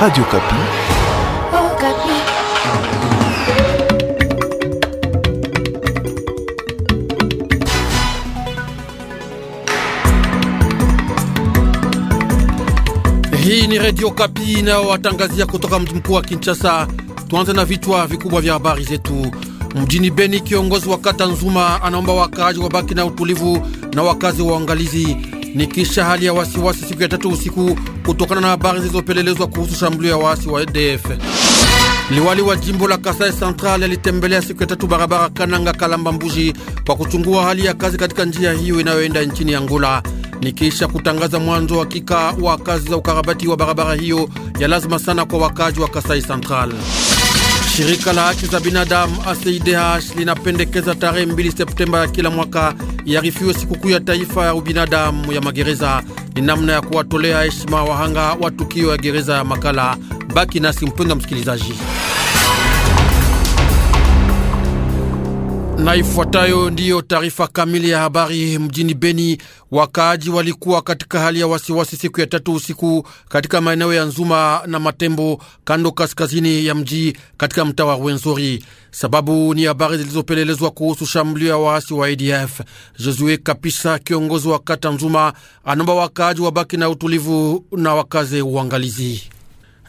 Radio Kapi. Oh, Kapi. Hii ni Radio Kapi nao watangazia kutoka mji mkuu wa Kinshasa. Tuanze na vichwa vikubwa vya habari zetu. Mjini Beni, kiongozi wa kata Nzuma anaomba wakaaji wabaki na utulivu na wakazi waangalizi ni kisha hali ya wasiwasi siku ya tatu usiku kutokana na habari zilizopelelezwa kuhusu shambulio ya waasi wa EDF. Liwali wa jimbo la Kasai Central alitembelea siku ya tatu barabara Kananga Kalamba Mbuji kwa kuchungua hali ya kazi katika njia hiyo inayoenda nchini Angola, ni kisha kutangaza mwanzo hakika wa kazi za ukarabati wa barabara hiyo ya lazima sana kwa wakazi wa Kasai Central. Shirika la haki za binadamu ACIDH linapendekeza tarehe 2 Septemba ya kila mwaka yarifiwe sikukuu ya taifa ya ubinadamu ya magereza. Ni namna ya kuwatolea heshima wahanga wa tukio ya gereza ya Makala. Baki nasi mpendwa msikilizaji. na ifuatayo ndiyo taarifa kamili ya habari. Mjini Beni, wakaaji walikuwa katika hali ya wasiwasi siku ya tatu usiku katika maeneo ya Nzuma na Matembo, kando kaskazini ya mji, katika mtaa wa Rwenzori. Sababu ni habari zilizopelelezwa kuhusu shambulio ya waasi wa ADF. Josue Kapisa, kiongozi wa kata Nzuma, anaomba wakaaji wabaki na utulivu na wakaze uangalizi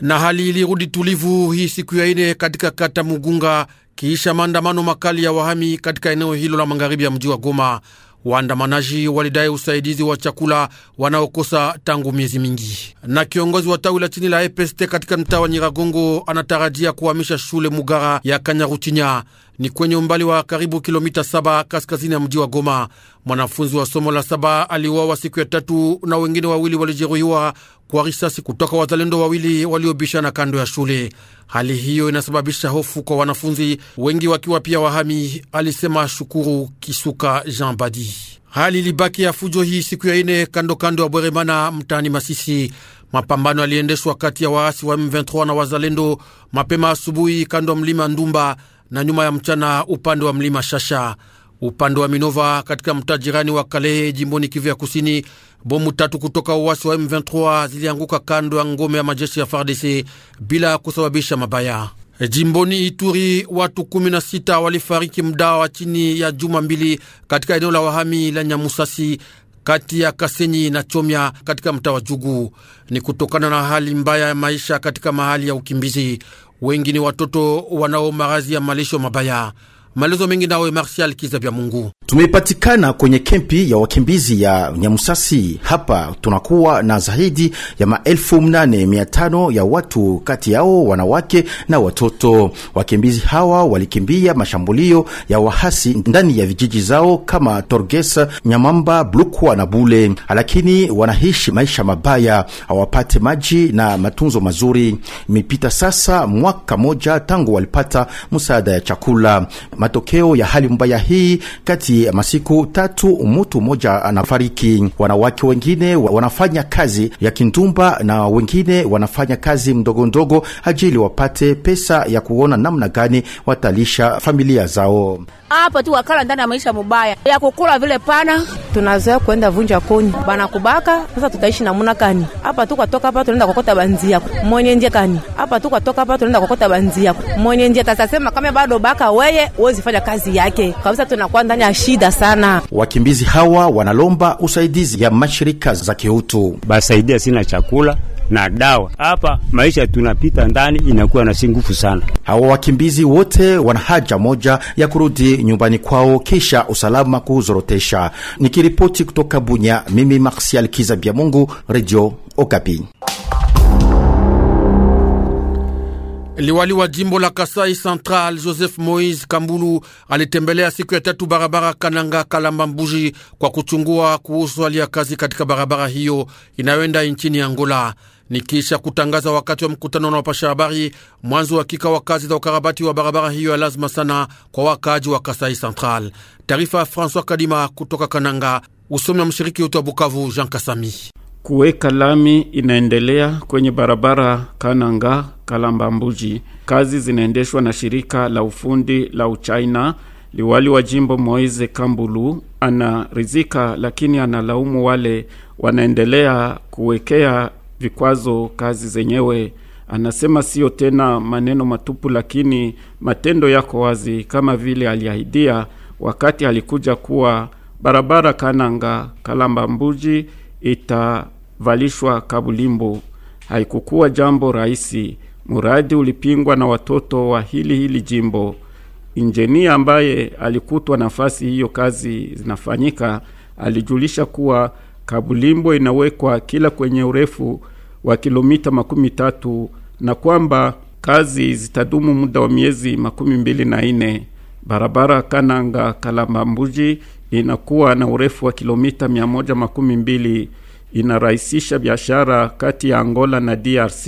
na hali ilirudi tulivu hii siku ya ine katika kata Mugunga kisha maandamano makali ya wahami katika eneo hilo la magharibi ya mji wa Goma, waandamanaji walidai usaidizi wa chakula wanaokosa tangu miezi mingi. Na kiongozi wa tawi la chini la EPST katika mtaa wa Nyiragongo anatarajia kuhamisha shule Mugara ya kanyaruchinya ni kwenye umbali wa karibu kilomita saba kaskazini ya mji wa Goma. Mwanafunzi wa somo la saba aliuawa siku ya tatu na wengine wawili walijeruhiwa kwa risasi kutoka wazalendo wawili waliobishana kando ya shule. Hali hiyo inasababisha hofu kwa wanafunzi wengi, wakiwa pia wahami, alisema Shukuru Kisuka Jean Badi. Hali ilibaki ya fujo hii siku ya ine kando kando ya Bweremana mtaani Masisi. Mapambano yaliendeshwa kati ya waasi wa M23 na wazalendo mapema asubuhi kando ya mlima Ndumba na nyuma ya mchana upande wa mlima Shasha. Upande wa Minova katika mtaa jirani wa Kalehe jimboni Kivu ya Kusini, bomu tatu kutoka uwasi wa M23 zilianguka kando ya ngome ya majeshi ya FARDC bila kusababisha mabaya. Jimboni Ituri, watu 16 walifariki mda wa chini ya juma mbili katika eneo la wahami la Nyamusasi kati ya Kasenyi na Chomya katika mtaa wa Jugu. Ni kutokana na hali mbaya ya maisha katika mahali ya ukimbizi. Wengi ni watoto wanao marazi ya malisho mabaya. Maelezo mengi nawe Kiza vya Mungu. Tumepatikana kwenye kempi ya wakimbizi ya Nyamusasi. Hapa tunakuwa na zaidi ya maelfu mnane mia tano ya watu, kati yao wanawake na watoto. Wakimbizi hawa walikimbia mashambulio ya wahasi ndani ya vijiji zao kama torges Nyamamba, Blukwa na Bule, lakini wanaishi maisha mabaya, hawapate maji na matunzo mazuri. Imepita sasa mwaka moja tangu walipata msaada ya chakula. Matokeo ya hali mbaya hii, kati ya masiku tatu mutu mmoja anafariki. Wanawake wengine wanafanya kazi ya kindumba na wengine wanafanya kazi mdogondogo ajili wapate pesa ya kuona namna gani watalisha familia zao. Hapa tu wakala ndani ya maisha mubaya ya kukula vile pana, tunazoea kwenda vunja koni bana kubaka. Sasa tutaishi namuna kani? Hapa tu kwatoka hapa tunaenda kokota banzia mwenye nje kani, hapa tu kwatoka hapa tunaenda kokota banzia mwenye nje. Tasasema kama bado baka weye hawezi fanya kazi yake kabisa, tunakuwa ndani ya shida sana. Wakimbizi hawa wanalomba usaidizi ya mashirika za kiutu basaidia, sina chakula na dawa hapa, maisha tunapita ndani inakuwa na si nguvu sana. Hawa wakimbizi wote wana haja moja ya kurudi nyumbani kwao, kisha usalama kuhuzorotesha. Nikiripoti kutoka Bunya, mimi Marsial Kiza Bya Mungu, Radio Okapi. Liwali wa jimbo la Kasai Central Joseph Moise Kambulu alitembelea siku ya tatu barabara Kananga Kalamba Mbuji kwa kuchungua kuhusu hali ya kazi katika barabara hiyo inayoenda nchini Angola. Ni kisha kutangaza wakati wa mkutano na wapasha habari mwanzo hakika wa kazi za ukarabati wa barabara hiyo ya lazima sana kwa wakaaji wa Kasai Central. Taarifa ya François Kadima kutoka Kananga, usomi wa mshiriki wetu wa Bukavu Jean Kasami kuweka lami inaendelea kwenye barabara Kananga Kalamba Mbuji. Kazi zinaendeshwa na shirika la ufundi la Uchina. Liwali wa jimbo Moise Kambulu anarizika lakini analaumu wale wanaendelea kuwekea vikwazo kazi zenyewe. Anasema siyo tena maneno matupu, lakini matendo yako wazi, kama vile aliahidia wakati alikuja kuwa barabara Kananga Kalamba Mbuji ita kuvalishwa kabulimbo haikukuwa jambo rahisi. Muradi ulipingwa na watoto wa hili hili jimbo. Injenia ambaye alikutwa nafasi hiyo kazi zinafanyika alijulisha kuwa kabulimbo inawekwa kila kwenye urefu wa kilomita makumi tatu na kwamba kazi zitadumu muda wa miezi makumi mbili na ine. Barabara Kananga Kalambambuji inakuwa na urefu wa kilomita mia moja makumi mbili inarahisisha biashara kati ya Angola na DRC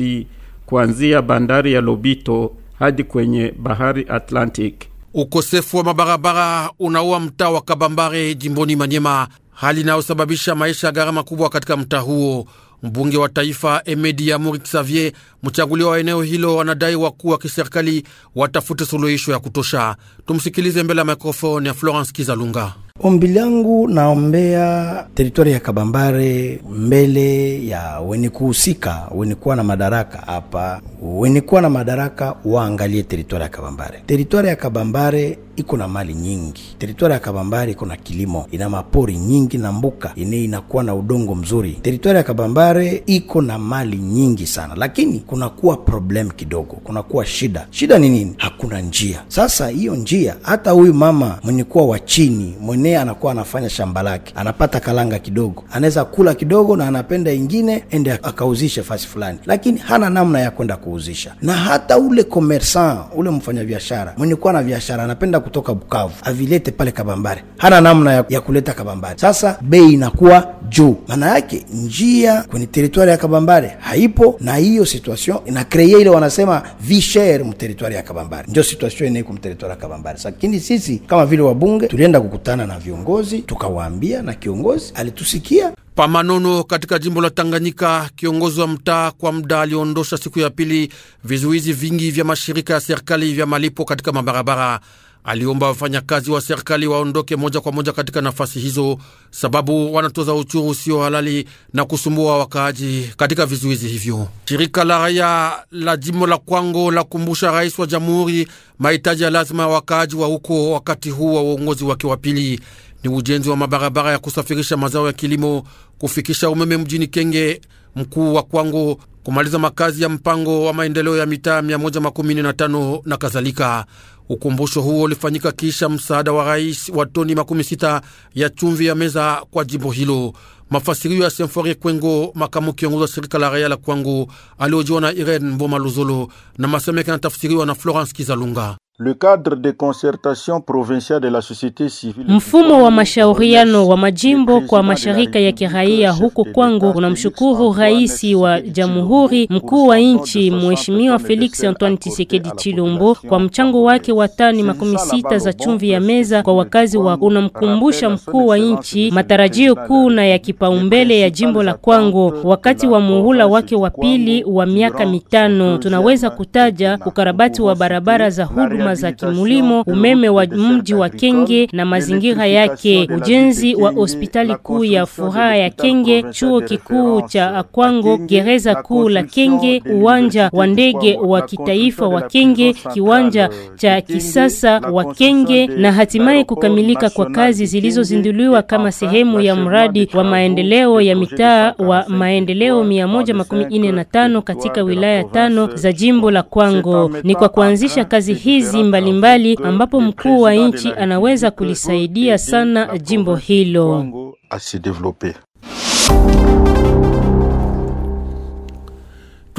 kuanzia bandari ya Lobito hadi kwenye bahari Atlantic. Ukosefu wa mabarabara unaua mtaa wa Kabambare jimboni Manyema, hali inayosababisha maisha ya gharama kubwa katika mtaa huo. Mbunge wa taifa Emedi Amuri Xavier, mchaguliwa wa eneo hilo, wanadai wakuu wa kiserikali watafute suluhisho ya kutosha. Tumsikilize mbele ya mikrofoni ya Florence Kizalunga. Ombi langu naombea teritori ya Kabambare mbele ya wenye kuhusika, wenye kuwa na madaraka hapa, wenye kuwa na madaraka waangalie teritori ya Kabambare. Teritori ya Kabambare iko na mali nyingi. Teritwari ya Kabambare iko na kilimo, ina mapori nyingi na mbuka ine inakuwa na udongo mzuri. Teritwari ya Kabambare iko na mali nyingi sana, lakini kunakuwa problem kidogo, kunakuwa shida. Shida ni nini? Hakuna njia. Sasa hiyo njia, hata huyu mama mwenye kuwa wa chini mwenee anakuwa anafanya shamba lake, anapata kalanga kidogo, anaweza kula kidogo na anapenda ingine ende akauzishe fasi fulani, lakini hana namna ya kwenda kuuzisha. Na hata ule komersan ule mfanyabiashara mwenye kuwa na biashara anapenda kutoka Bukavu avilete pale Kabambare, hana namna ya, ya kuleta Kabambare. Sasa bei inakuwa juu, maana yake njia kwenye teritwari ya Kabambare haipo, na hiyo situation kreye ile wanasema vishere mteritwari ya Kabambare, ndio situation inaiko mteritwari ya Kabambare. Lakini sisi kama vile wabunge tulienda kukutana na viongozi tukawaambia, na kiongozi alitusikia Pamanono katika jimbo la Tanganyika, kiongozi wa mtaa kwa muda aliondosha siku ya pili vizuizi vingi vya mashirika ya serikali vya malipo katika mabarabara aliomba wafanyakazi wa serikali waondoke moja kwa moja katika nafasi hizo, sababu wanatoza uchuru usio halali na kusumbua wakaaji katika vizuizi hivyo. Shirika la raia la jimbo la Kwango la kumbusha rais wa jamhuri mahitaji ya lazima ya wakaaji wa huko wakati huu wa uongozi wake wa pili ni ujenzi wa mabarabara ya kusafirisha mazao ya kilimo, kufikisha umeme mjini Kenge, mkuu wa Kwango, kumaliza makazi ya mpango wa maendeleo ya mitaa 115 na kadhalika. Ukumbusho huo ulifanyika kisha msaada wa rais wa toni makumi sita ya chumvi ya meza kwa jimbo hilo. Mafasirio ya Semfori Kwengo, makamu kiongozi wa shirika la raia la Kwangu, aliojiwa na Irene Mboma Luzolo na masemeke anatafsiriwa na Florence Kizalunga. Le cadre de concertation provinciale de la société civile. Mfumo wa mashauriano wa majimbo kwa mashirika ya kiraia huko kwangu unamshukuru rais wa jamhuri, mkuu wa nchi Mheshimiwa Felix Antoine Tshisekedi Chilombo kwa mchango wake wa tani makumi sita za chumvi ya meza kwa wakazi wa. Unamkumbusha mkuu wa nchi matarajio kuu na ya kipaumbele ya jimbo la Kwango wakati wa muhula wake wa pili wa miaka mitano. Tunaweza kutaja ukarabati wa barabara za huduma huduma za kimulimo, umeme wa mji wa Kenge na mazingira yake, ujenzi wa hospitali kuu ya furaha ya Kenge, chuo kikuu cha Akwango, gereza kuu la Kenge, uwanja wa ndege wa kitaifa wa Kenge, kiwanja cha kisasa wa Kenge na hatimaye kukamilika kwa kazi zilizozinduliwa kama sehemu ya mradi wa maendeleo ya mitaa wa maendeleo 145 katika wilaya tano za jimbo la Kwango. Ni kwa kuanzisha kazi hizi mbalimbali mbali, ambapo mkuu wa nchi anaweza kulisaidia sana jimbo hilo.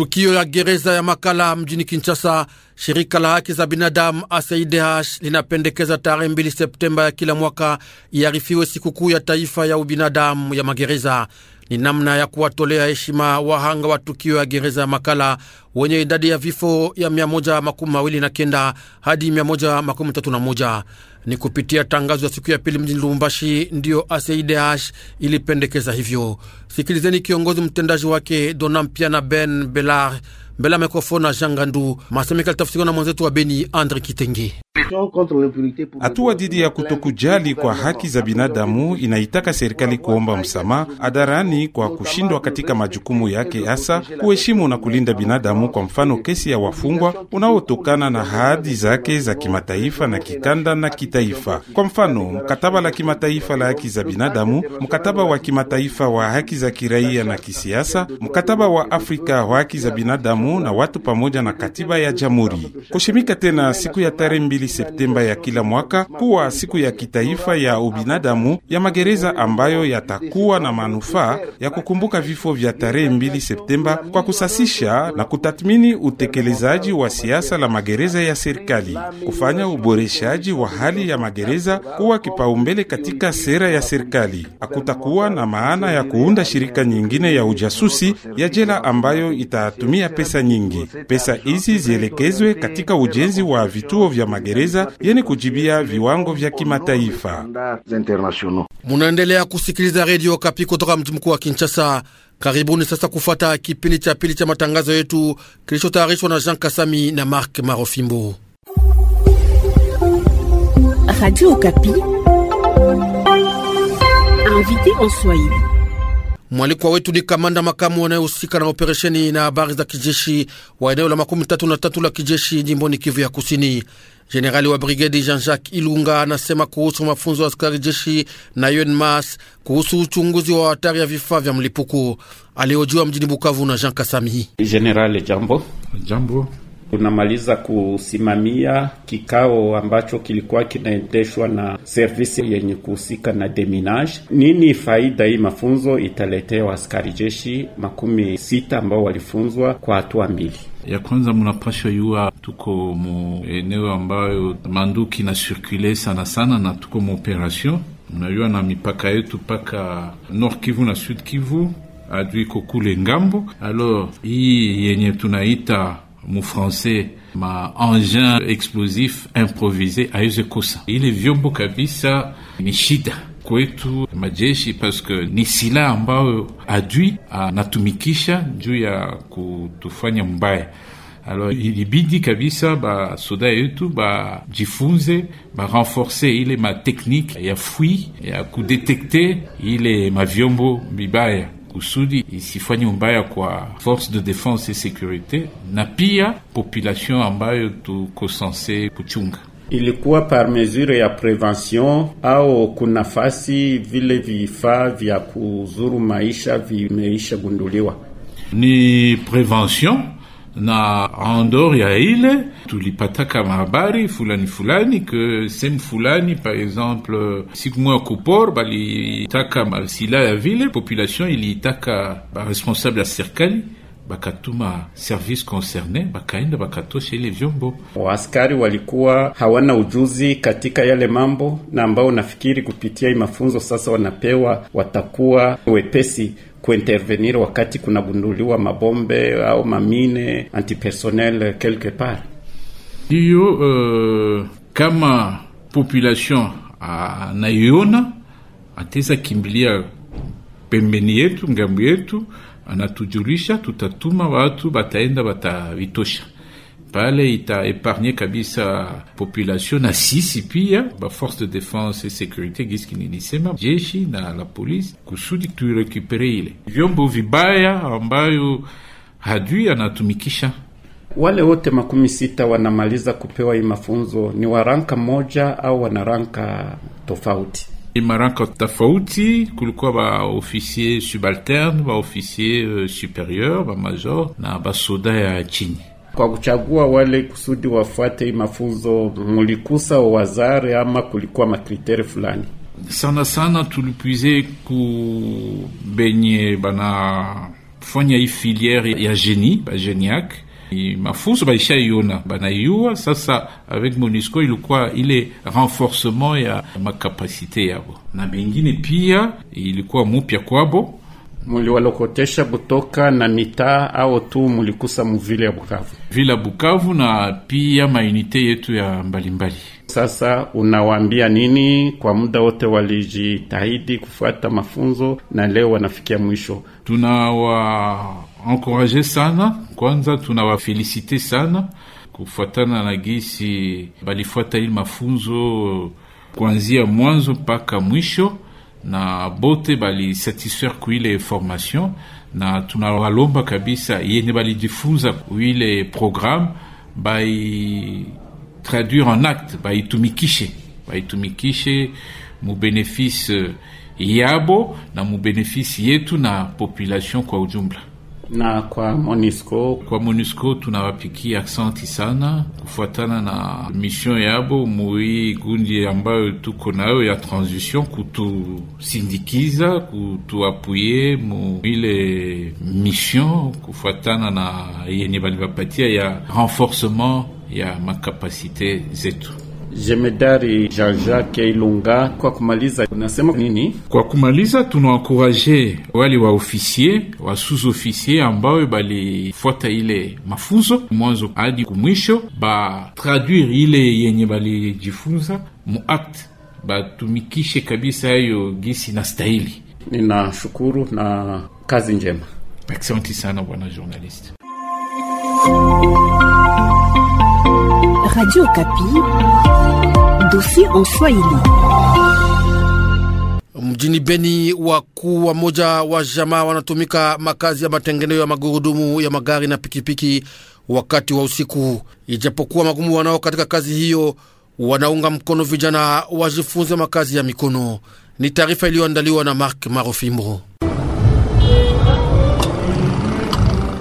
Tukio ya gereza ya Makala mjini Kinshasa, shirika la haki za binadamu ACIDH linapendekeza tarehe 2 Septemba ya kila mwaka iarifiwe sikukuu ya taifa ya ubinadamu ya magereza. Ni namna ya kuwatolea heshima wahanga wa tukio ya gereza ya Makala wenye idadi ya vifo ya 129 hadi 131. Ni kupitia tangazo ya siku ya pili mjini Lubumbashi ndiyo ACIDH ilipendekeza hivyo. Sikilizeni kiongozi mtendaji wake Donampiana Ben Belar mbele ya mikrofoni na Jangandu masemeka litafsiriwa na mwenzetu wa Beni Andre Kitenge. Hatua dhidi ya kutokujali kwa haki za binadamu inaitaka serikali kuomba msamaha hadharani kwa kushindwa katika majukumu yake, hasa kuheshimu na kulinda binadamu, kwa mfano kesi ya wafungwa unaotokana na ahadi zake za kimataifa na kikanda na kitaifa, kwa mfano mkataba la kimataifa la haki za binadamu, mkataba wa kimataifa wa haki za kiraia na kisiasa, mkataba wa Afrika wa haki za binadamu na watu pamoja na katiba ya jamhuri. Kushimika tena siku ya tarehe mbili Septemba ya kila mwaka kuwa siku ya kitaifa ya ubinadamu ya magereza ambayo yatakuwa na manufaa ya kukumbuka vifo vya tarehe mbili Septemba kwa kusasisha na kutathmini utekelezaji wa siasa la magereza ya serikali, kufanya uboreshaji wa hali ya magereza kuwa kipaumbele katika sera ya serikali. Hakutakuwa na maana ya kuunda shirika nyingine ya ujasusi ya jela ambayo itatumia pesa pesa nyingi. Pesa hizi zielekezwe katika ujenzi wa vituo vya magereza yenye kujibia viwango vya kimataifa. Munaendelea kusikiliza redio Kapi kutoka mji mkuu wa Kinshasa. Karibuni sasa kufata kipindi cha pili cha matangazo yetu kilichotayarishwa na Jean Kasami na Mark Marofimbo. Radio Kapi invité en Swahili Mwalikwa wetu ni kamanda makamu anayehusika na operesheni na habari za kijeshi wa eneo la makumi tatu na tatu la kijeshi jimboni Kivu ya Kusini. Jenerali wa brigedi Jean-Jacques Ilunga anasema kuhusu mafunzo ya askari jeshi na UNMAS kuhusu uchunguzi wa hatari ya vifaa vya mlipuko. aliojua mjini Bukavu na Jean Kasami. Jenerali, jambo. Jambo tunamaliza kusimamia kikao ambacho kilikuwa kinaendeshwa na servisi yenye kuhusika na deminage. Nini faida hii mafunzo italetea waskari jeshi makumi sita ambao walifunzwa kwa hatua mbili. Ya kwanza munapasha yuwa tuko mu eneo ambayo manduki na sirkule sana sana, na tuko mu operation mnayua na mipaka yetu paka Nord Kivu na Sud Kivu adui kokule ngambo. Alors hii yenye tunaita Mon français ma engin explosif improvisé à kosa Il est kabisa ni nishida, kwetu majeshi paske que silaha ambayo adui anatumikisha à ya kutufanya mbaya. Alors ilibidi kabisa basoda yetu bah, renforce, il est ma technique, ya fui ya est ma viombo mibaya kusudi isifanye ubaya kwa force de défense et sécurité na pia population ambayo tuko sense kuchunga. Ilikuwa par mesure ya prevention au kunafasi fasi vile vifaa vya kuzuru maisha vimeisha gunduliwa? Ni prévention na andor ya ile tulipata kama habari fulani fulani ke sehemu fulani, par exemple, siku moya kupor balitaka masila ya vile population iliitaka baresponsable ya serikali bakatuma service concerne bakaenda bakatosha ile vyombo. Waaskari walikuwa hawana ujuzi katika yale mambo, na ambao nafikiri kupitia mafunzo sasa wanapewa watakuwa wepesi kuintervenir wakati kunagunduliwa mabombe au mamine antipersonnel quelque part. Ndiyo, uh, kama population anaiona ateza kimbilia pembeni yetu, ngambo yetu, anatujulisha, tutatuma watu, bataenda, batavitosha pale itaepargne kabisa population na sisi pia ba force de défense et securite gisi nilisema, jeshi na la polisi, kusudi tuirekupere ile vyombo vibaya ambayo hadui anatumikisha. Wale wote makumi sita wanamaliza kupewa hii mafunzo, ni waranka moja au wanaranka tofauti? maranka tofauti, kulikuwa ba subalterne, ba officier euh, superieur, ba major na basoda ya chini kwa kuchagua wale kusudi wafuate mafunzo, mulikusa wazare ama kulikuwa makriteri fulani? Sana sana tulipuize ku benye banafanya hii filiere ya geni bageniak mafunzo iona banaiua sasa. Avec MONUSCO ilikuwa ile renforcement ya makapasite yabo, na bengine pia ilikuwa mupya kwabo muliwalokotesha Butoka na mitaa au tu mulikusa muvile ya Bukavu? Vile ya Bukavu na pia mainite yetu ya mbalimbali mbali. Sasa unawaambia nini? Kwa muda wote walijitahidi kufuata mafunzo na leo wanafikia mwisho. Tunawaankoraje sana, kwanza tunawafelisite sana kufuatana na gisi balifuata ili mafunzo kuanzia mwanzo mpaka mwisho na bote bali satisfaire kuile formation na tunawalomba kabisa yene balijifunza kuile programme tradure en acte baitumikishe baitumikishe mubenefice yabo na mubenefice yetu na population kwa ujumla. na kwa MONUSCO. Kwa MONUSCO tunawapikia aksanti sana kufuatana na mission yabo mui gundi ambayo tuko nayo ya transition, kutusindikiza kutuapuye muile mission kufuatana na yenye balivapatia ya renforcement ya makapasite zetu. Jemedari Jean-Jacques Ilunga, kwa kumaliza unasema nini? Kwa kumaliza, tunawakuraje wali wa ofisier wa sous-ofisie ambao balifuata ile mafunzo mwanzo hadi kumwisho, ba traduire ile yenye balijifunza muakte, batumikishe kabisa hiyo gisi na stahili. Ninashukuru na kazi njema. Asante sana bwana journalist. Radio Kapi, dossier en Swahili. Mjini Beni, wakuu wa moja wa jamaa wanatumika makazi ya matengenezo ya magurudumu ya magari na pikipiki wakati wa usiku. Ijapokuwa magumu wanao katika kazi hiyo, wanaunga mkono vijana wajifunze makazi ya mikono. Ni taarifa iliyoandaliwa na Mark Marofimbo.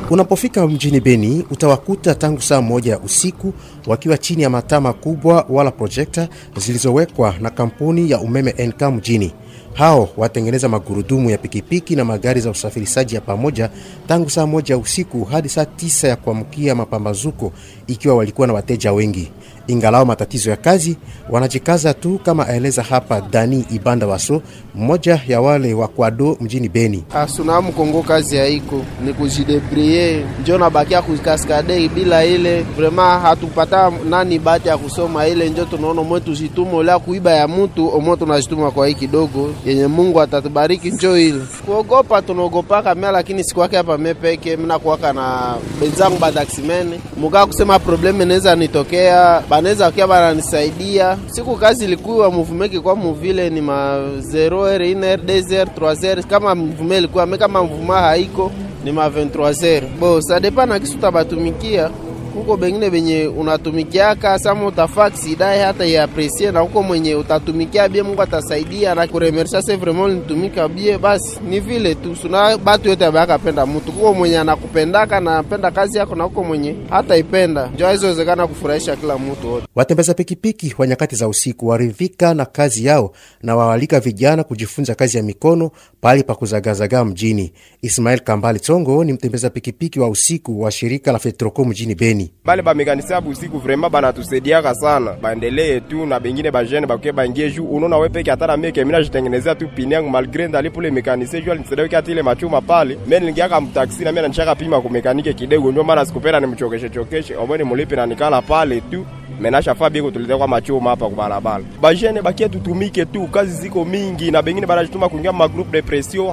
Unapofika mjini Beni utawakuta tangu saa moja ya usiku wakiwa chini ya mataa makubwa wala projekta zilizowekwa na kampuni ya umeme NK mjini. Hao watengeneza magurudumu ya pikipiki na magari za usafirishaji ya pamoja tangu saa moja ya usiku hadi saa tisa ya kuamkia mapambazuko, ikiwa walikuwa na wateja wengi ingalao matatizo ya kazi wanajikaza tu, kama aeleza hapa Dani Ibanda Waso, mmoja ya wale wa kwado mjini Beni. Asunamu Kongo kazi haiko, ni kujidebrie njo nabakia kukaskadei bila ile vrema, hatupata nani bati ya kusoma ile, njo tunaona mwe tuzituma ulea kuiba ya mutu omwe tunazituma kwa hii kidogo yenye Mungu atatubariki njo ile. Kuogopa tunaogopaka mea, lakini sikuwake hapa mepeke, minakuwaka na benzangu badaksimene, mukaa kusema probleme neza nitokea banaweza akia bananisaidia siku kazi ilikuwa muvumeke kwa muvile ni ma 0h 1h 2 3h kama mvume ilikuwa me kama mvuma haiko ni ma 23h bo sadepana na kisu tabatumikia kuko bengine benye unatumikiaka sama utafaksi dai hata iapresie na kuko mwenye utatumikia bie, Mungu atasaidia na kuremersha. Se vraiment nitumika bie, basi ni vile tu suna batu yote abaka penda mtu. Kuko mwenye anakupendaka na anapenda kazi yako na kuko mwenye hata ipenda njo aizowezekana kufurahisha kila mtu wote. Watembeza pikipiki wa nyakati za usiku waridhika na kazi yao na wawalika vijana kujifunza kazi ya mikono pali pa kuzagazagaa mjini. Ismail Kambali Tongo ni mtembeza pikipiki wa usiku wa shirika la Fetroko mjini Beni gani? Bale bamekanisea busiku vrema banatusaidiaka sana, baendelee tu na bengine bajene bakuye bangie juu unaona we hata na mie kemina najitengenezea tu pini yangu malgre ndalipule mekanise juu alinisaidia wiki ile machuma pale, mie nilingiaka mtaksi na mie nanishaka pima kumekanike kidogo, ndio maana sikupenda nimchokeshe chokeshe omweni mulipe na nikala pale tu menashafaa biko tulete kwa machoma hapa kubarabara bajene bakia tutumike tu, kazi ziko mingi na bengine banajituma kuingia ma group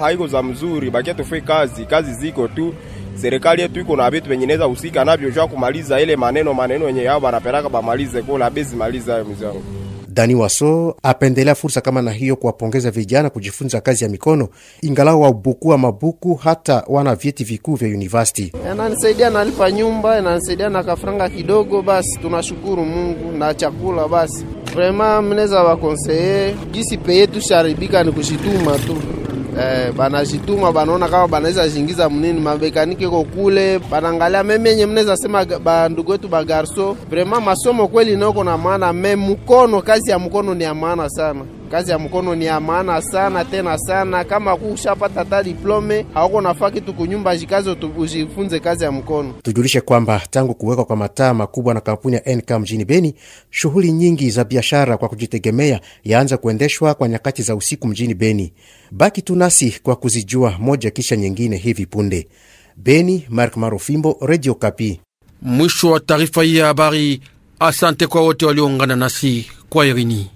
haiko za mzuri, bakia tufue kazi, kazi ziko tu serikali yetu iko na vitu venye inaweza husika navyo sha kumaliza ile maneno maneno yenye yao banapelaka bamalize kola bezi maliza hayo mizangu. Dani Waso apendelea fursa kama na hiyo kuwapongeza vijana kujifunza kazi ya mikono, ingalau wabukua mabuku hata wana vyeti vikuu vya university. Ananisaidia nalipa nyumba, ananisaidia na kafranga kidogo, basi tunashukuru Mungu na chakula basi. Vrema mnaweza wakonseye, jisi pe yetu sharibika ni kushituma tu eh, banajituma banaona kama banaweza zingiza mnini mabekanike ko kule banangalia memenye mnaweza sema bandugu wetu bagarso vraiment masomo kweli naoko na maana me mkono kazi ya mkono ni ya maana sana Kazi ya mkono ni ya maana sana tena sana. Kama kushapata ta diplome hauko nafaa kitu kunyumba, jikazi ujifunze kazi ya mkono. Tujulishe kwamba tangu kuwekwa kwa mataa makubwa na kampuni ya NK mjini Beni, shughuli nyingi za biashara kwa kujitegemea yaanza kuendeshwa kwa nyakati za usiku mjini Beni. Baki nasi kwa kuzijua moja kisha nyingine hivi punde. Beni, Mark Marofimbo, Radio Kapi. Mwisho wa taarifa hii ya habari. Asante kwa wote walioungana nasi kwa Irini.